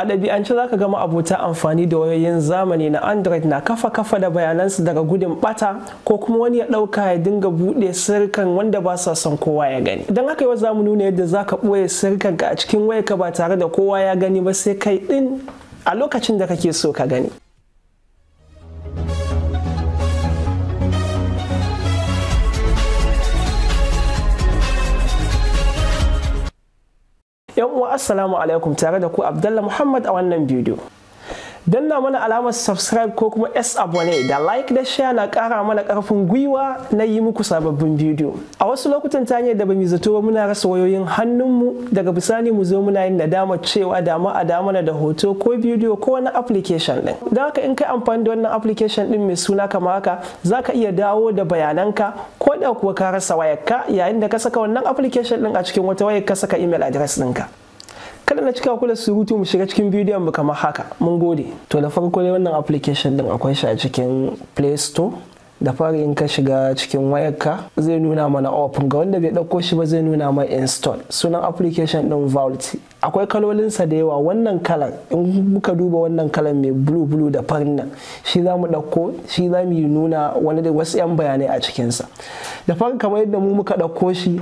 a ɗabi'ance za ka gama abota amfani da wayoyin zamani na android na kafa kafa da bayanansu daga gudun bata ko kuma wani ya ɗauka ya dinga buɗe sirkan wanda ba sa son kowa ya gani don haka yau za mu nuna yadda za ka ɓoye sirkan ka a cikin wayarka ba tare da kowa ya gani ba sai kai ɗin a lokacin da kake so ka gani yan uwa assalamu alaikum tare da ku Abdullahi muhammad a wannan bidiyo danna mana alamar subscribe ko kuma s abone da like da share na kara mana karfin gwiwa na yi muku sababbin bidiyo a wasu lokutan ta da ba mu zato ba muna rasa wayoyin hannunmu daga bisani mu zo muna yin nadama cewa da ma a na da hoto ko bidiyo ko wani application din don haka in kai amfani da wannan application din mai suna kamar haka ka iya dawo da bayananka da kuwa ka rasa wayarka yayin da ka saka wannan application din a cikin wata wayar ka saka email address ɗinka kada na cika kula surutu mu shiga cikin bidiyon mu kamar haka mun gode to da farko dai wannan application din akwai shi a cikin play store da fari in ka shiga cikin wayarka zai nuna mana open ga wanda bai ɗauko shi ba zai nuna mai install sunan application ɗin vault akwai kalolinsa da yawa wannan kalan in muka duba wannan kalan mai blue blue da farin nan shi za mu ɗauko shi za mu nuna wani da wasu 'yan bayanai a cikinsa da fari kamar yadda mu muka ɗauko shi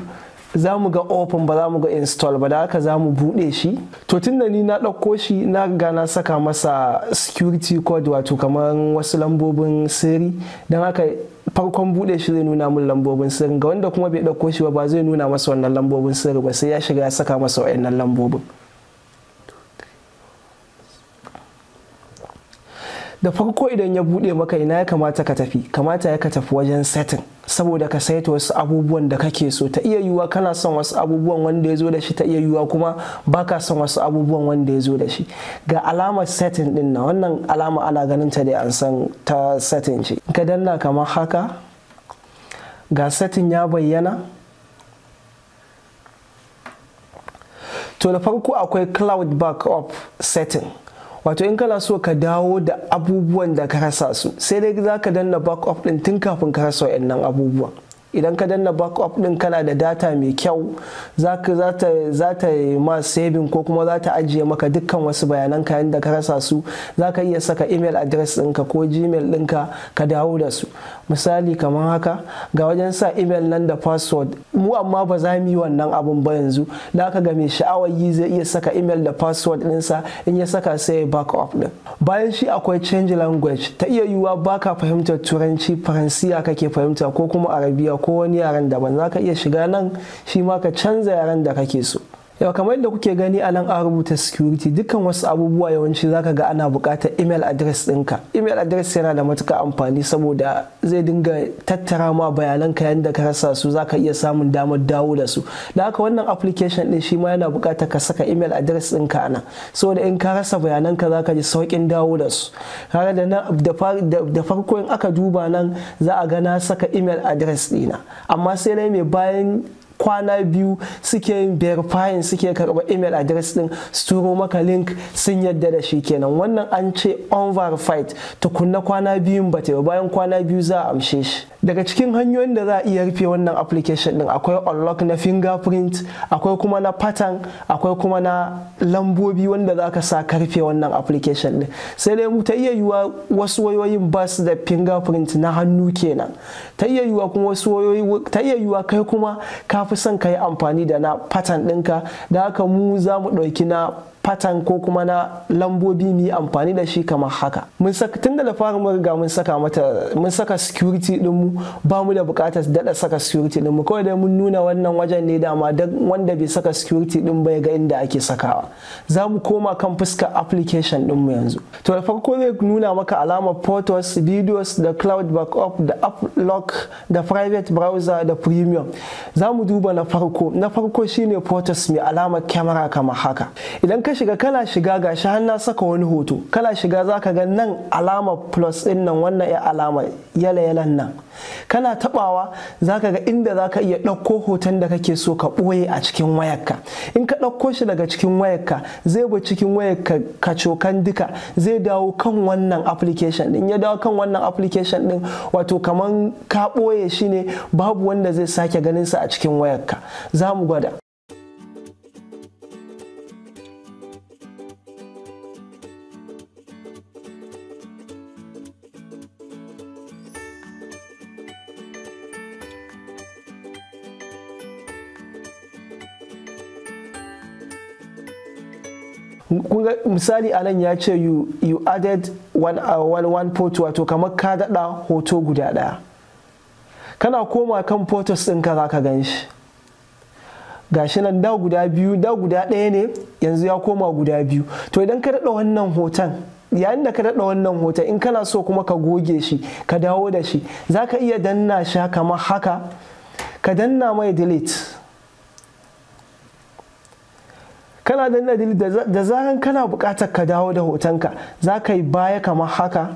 za mu ga open ba za mu ga install ba da haka za mu buɗe shi to tun da ni na ɗauko shi na ga na saka masa security code wato kamar wasu lambobin sirri don haka farkon buɗe shi zai nuna mun lambobin sirri ga wanda kuma bai ɗauko shi ba ba zai nuna masa wannan lambobin sirri ba sai ya shiga ya saka masa wa'annan lambobin da farko idan ya buɗe maka ina ya kamata ka tafi kamata ya ka tafi wajen setting saboda ka saita wasu abubuwan da kake so ta iya yiwuwa kana son wasu abubuwan wanda ya zo da shi ta iya yiwuwa kuma baka son wasu abubuwan wanda ya zo da shi ga alama setting din na wannan alama ana ganin ta da an san ta setting ce ga danna kamar haka ga setting ya bayyana to da farko akwai cloud backup setting wato in kana so ka dawo da abubuwan da ka rasa su sai dai za ka danna backup din tun kafin ka rasa wa'annan abubuwan idan ka danna backup din kana da data mai kyau za ta yi ma saving ko kuma za ta ajiye maka dukkan wasu bayanan ka da ka rasa su za ka iya saka email address ɗinka ko gmail ɗinka ka dawo da su misali kamar haka ga wajen sa email nan da password mu amma ba za mu yi wannan abun ba yanzu da aka ga mai sha'awar yi zai iya saka email da password ɗinsa in ya saka sai ya up din. bayan shi akwai change language ta iya yiwuwa baka fahimtar turanci faransiya kake fahimta ko kuma arabiya ko wani yaren daban za ka iya shiga nan shi ma ka canza yaren da kake so yau kamar yadda kuke gani a nan a rubuta security dukkan wasu abubuwa yawanci zaka ga ana buƙatar email address dinka email address yana da matuka amfani saboda zai dinga tattara ma ka yadda ka rasa su zaka iya samun damar dawo da su da haka wannan application ɗin shi ma yana buƙatar ka saka email address ɗinka ana saboda in ka rasa bayanan bayananka zaka ji saukin dawo da su har da da farko in aka duba nan za a ga na saka email address ɗina amma sai na mai bayan kwana biyu suke yin verifying suke karɓar email address din su turo maka link sun yadda da shi kenan wannan an ce unverified verified tukunna kwana biyun ba ta bayan kwana biyu za a amshe shi daga cikin hanyoyin da za a iya rufe wannan application din akwai unlock na fingerprint akwai kuma na pattern akwai kuma na lambobi wanda za ka sa karfe wannan application din sai dai mu ta iya yiwuwa wasu wayoyin ba su da fingerprint na hannu kenan ta iya yiwuwa kuma wasu wayoyi ta iya yiwa kai kuma ka fi son ka yi amfani da na fatan ɗinka da haka mu za mu ɗauki na fatan ko kuma na lambobi mu yi amfani da shi kamar haka mun saka tun da fara mun riga mun saka mata mun saka security din mu ba mu da bukatar dada saka security din mu kawai dai mun nuna wannan wajen ne dama duk wanda bai saka security din bai ga inda ake sakawa za mu koma kan fuska application din mu yanzu to da farko zai nuna maka alamar photos videos da cloud backup da app da private browser da premium za mu duba na farko na farko shine photos mai alamar camera kamar haka idan ka shiga kana shiga ga shi na saka wani hoto kana shiga za ka ga nan alama plus din nan wannan ya alama yala yalan nan kana tabawa za ka ga inda za ka iya ɗauko hoton da kake so ka ɓoye a cikin wayarka in ka ɗauko shi daga cikin wayarka zai bi cikin wayarka ka cokan duka zai dawo kan wannan application din ya dawo kan wannan application din wato kaman ka ɓoye shi ne babu wanda zai sake ganin sa a cikin wayarka za mu gwada misali anan ya ce you, you added one, uh, one, one photo wato kamar ka daɗa hoto guda ɗaya kana koma kan photos ɗinka za ka gan shi gashi nan da guda biyu da guda ɗaya ne yanzu ya koma guda biyu to idan ka daɗa wannan hoton yayin da ka daɗa wannan hoton in kana so kuma ka goge shi ka dawo da shi za ka iya danna shi kamar haka ka danna mai delete kana danna da zaran kana bukatar ka dawo da hotonka za ka yi baya kamar haka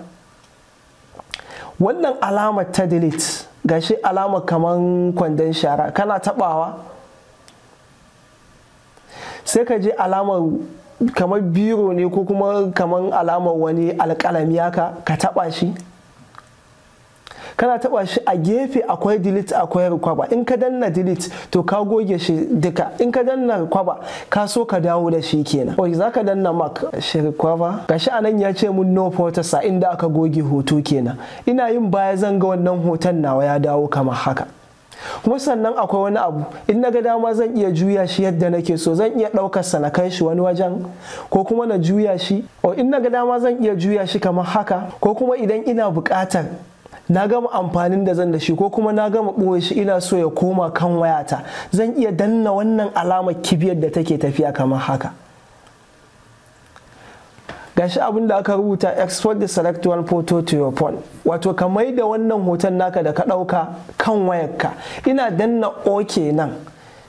wannan alamar ta delete gashi alamar kamar kwandon shara kana tabawa sai ka je alamar kamar biro ne ko kuma kamar alamar wani alkalami haka ka taba shi kana taba shi a gefe akwai delete akwai kwaba in ka danna delete to ka goge shi duka in ka danna kwaba ka so ka dawo da shi kenan oi zaka danna mark shi kwaba gashi anan ya ce mun no photo sa inda aka goge hoto kenan ina yin baya zan ga wannan hoton nawa ya dawo kamar haka kuma sannan akwai wani abu in na ga dama zan iya juya shi yadda nake so zan iya ɗaukar sa na kai shi wani wajen ko kuma na juya shi o in na ga dama zan iya juya shi kamar haka ko kuma idan ina buƙatar na gama amfanin da zan da shi ko kuma na gama ɓoye shi ina so ya koma kan wayata zan iya danna wannan alamar kibiyar da take tafiya kamar haka gashi abin da aka rubuta export the select one photo to your phone wato ka mai da wannan hoton naka da ka ɗauka kan wayarka ina danna ok nan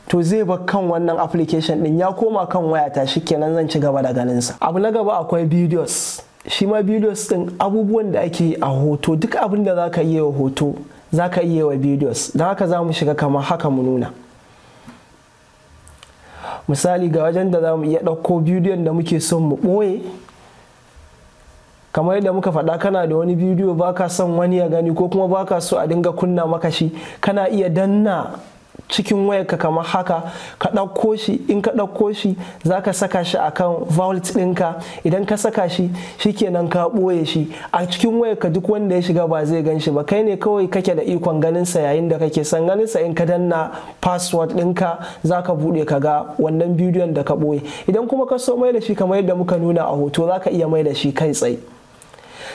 to zai bar kan wannan application din ya koma kan wayata shikenan zan ci gaba da ganin sa abu na gaba akwai videos shi ma videos din abubuwan da ake yi a hoto duk abin da za ka yi wa hoto za ka yi wa videos don haka za mu shiga kamar haka mu nuna misali ga wajen da za mu iya ɗauko bidiyon da muke son mu ɓoye kamar yadda muka faɗa kana da wani bidiyo ba ka son wani ya gani ko kuma ba ka so a dinga kunna maka shi kana iya danna cikin wayarka kamar haka ka ɗauko shi in ka ɗauko shi za ka saka shi a kan vault ɗinka idan ka saka shi shi shikenan ka ɓoye shi a cikin wayarka duk wanda ya shiga ba zai gan shi ba kai ne kawai kake da ikon ganin sa yayin da kake son ganin sa in ka danna password ɗinka za ka buɗe ka ga wannan bidiyon da ka ɓoye idan kuma ka so mai da shi kamar yadda muka nuna a hoto za ka iya mai da shi kai tsaye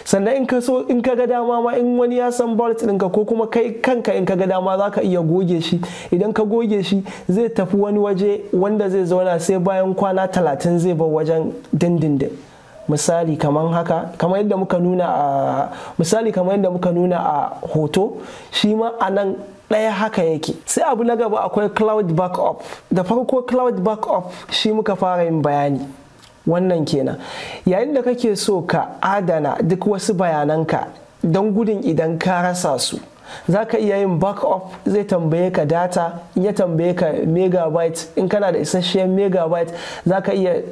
sannan in ka so in ka ga dama ma in wani ya san bolt ɗinka ko kuma kai kanka in ka ga dama za ka iya goge shi idan ka goge shi zai tafi wani waje wanda zai zauna sai bayan kwana talatin zai bar wajen dindindin misali kamar haka kamar yadda muka nuna a misali kamar yadda muka nuna a hoto shi ma a nan ɗaya haka yake sai abu na gaba akwai cloud backup da farko cloud backup shi muka fara yin bayani wannan kenan yayin da kake so ka adana duk wasu bayananka don gudun idan ka rasa su za ka iya yin backup zai tambaye ka data ya tambaye ka megabyte in kana da isasshen megabyte za ka iya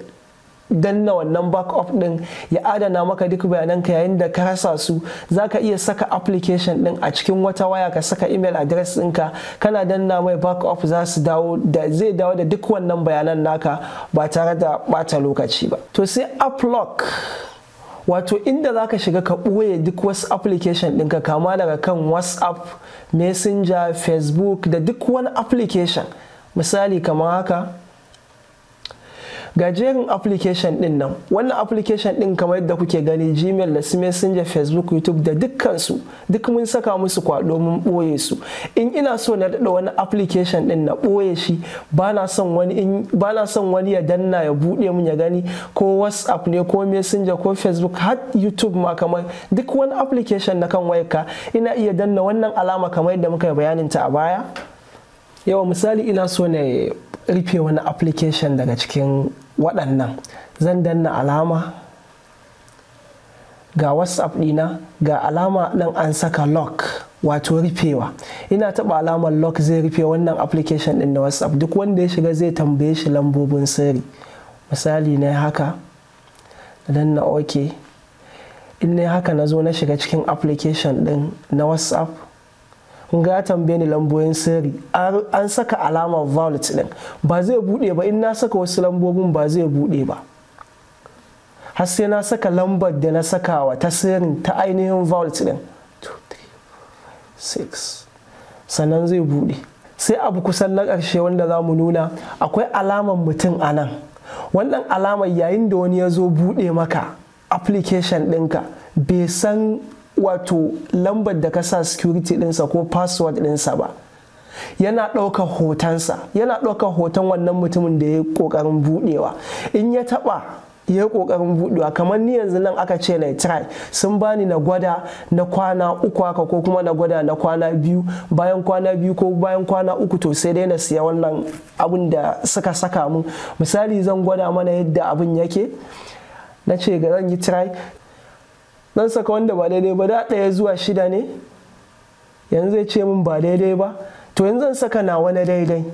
danna wannan backup din ya adana maka duk bayananka yayin da ka rasa su za ka iya saka application din a cikin wata waya ka saka email address ɗinka kana danna mai backup za su dawo da zai dawo da duk wannan bayanan naka ba tare da bata lokaci ba to sai uplock wato inda za ka shiga ka ɓoye duk wasu application ɗinka kama daga kan whatsapp messenger facebook da duk wani application misali kamar haka ga jerin application din nan wannan application din kamar yadda kuke gani gmail da su messenger facebook youtube da dukkan su duk mun saka musu kwado mun boye su in ina so na daɗa wani application din na ɓoye shi ba na son wani ya danna ya buɗe mun ya gani ko whatsapp ne ko messenger ko facebook har youtube ma kamar duk wani application na kan wayarka ina iya danna wannan alama kamar yadda muka bayanin ta a baya yawa misali ina so na rufe wani application daga cikin waɗannan zan danna alama ga whatsapp ɗina ga alama nan an saka lock wato rufewa ina taɓa alamar lock zai rufe wannan application ɗin na whatsapp duk wanda ya shiga zai tambaye shi lambobin sirri misali na haka na na ok in ne haka na zo na shiga cikin application ɗin na whatsapp kun ga ya tambaye ni lambobin sirri an saka alamar violet din ba zai bude ba in na saka wasu lambobin ba zai bude ba har sai na saka lambar da na sakawa ta sirrin ta ainihin violet din 6 sannan zai bude sai abu kusan na ƙarshe wanda za mu nuna akwai alamar mutum a nan wannan alamar yayin da wani ya zo buɗe maka application ɗinka bai san wato lambar da ka sa security ɗinsa ko password ɗinsa ba yana ɗauka hotonsa yana ɗauka hoton wannan mutumin da ya yi ƙoƙarin buɗewa in ya taɓa ya yi ƙoƙarin buɗewa kamar ni yanzu nan aka ce na try sun bani na gwada na kwana uku haka ko kuma na gwada na kwana biyu bayan kwana biyu ko bayan kwana uku to sai dai na siya wannan abin da suka saka mun misali zan gwada mana yadda abin yake na ce ga zan yi try zan saka wanda ba daidai ba da ɗaya zuwa shida ne yanzu zai ce min ba daidai ba to yanzu zan saka na wani daidai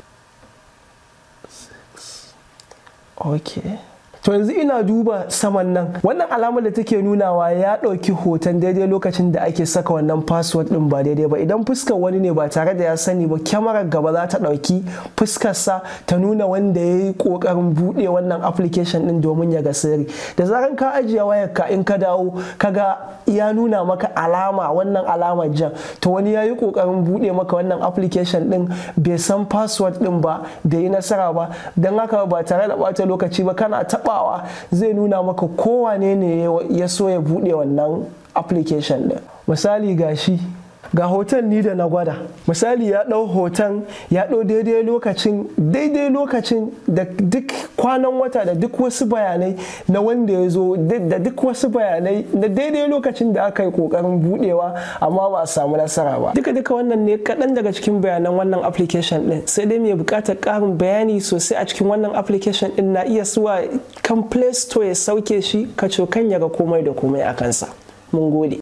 okay to yanzu ina duba saman nan wannan alamar da take nunawa ya ɗauki hoton daidai lokacin da ake saka wannan password ɗin ba daidai ba idan fuskar wani ne ba tare da ya sani ba kyamarar gaba za ta ɗauki fuskarsa ta nuna wanda ya yi ƙoƙarin buɗe wannan application ɗin domin ya ga sirri da zaran ka ajiye wayar ka in ka dawo kaga ya nuna maka alama wannan alama jan to wani ya yi ƙoƙarin buɗe maka wannan application ɗin bai san password ɗin ba bai yi nasara ba don haka ba tare da bata lokaci ba kana taɓa tafawa zai nuna maka kowane ne ya so ya buɗe wannan application ɗin misali gashi ga hoton ni da na gwada misali ya ɗau hoton ya ɗau daidai lokacin daidai lokacin da duk kwanan wata da duk wasu bayanai na wanda ya zo da duk wasu bayanai na daidai lokacin da aka yi kokarin budewa amma ba a samu nasara ba duka duka wannan ne kaɗan daga cikin bayanan wannan application ɗin sai dai mai buƙatar ƙarin bayani sosai a cikin wannan application ɗin na iya suwa kan play store ya sauke shi ka cokan ya ga komai da komai a kansa mun gode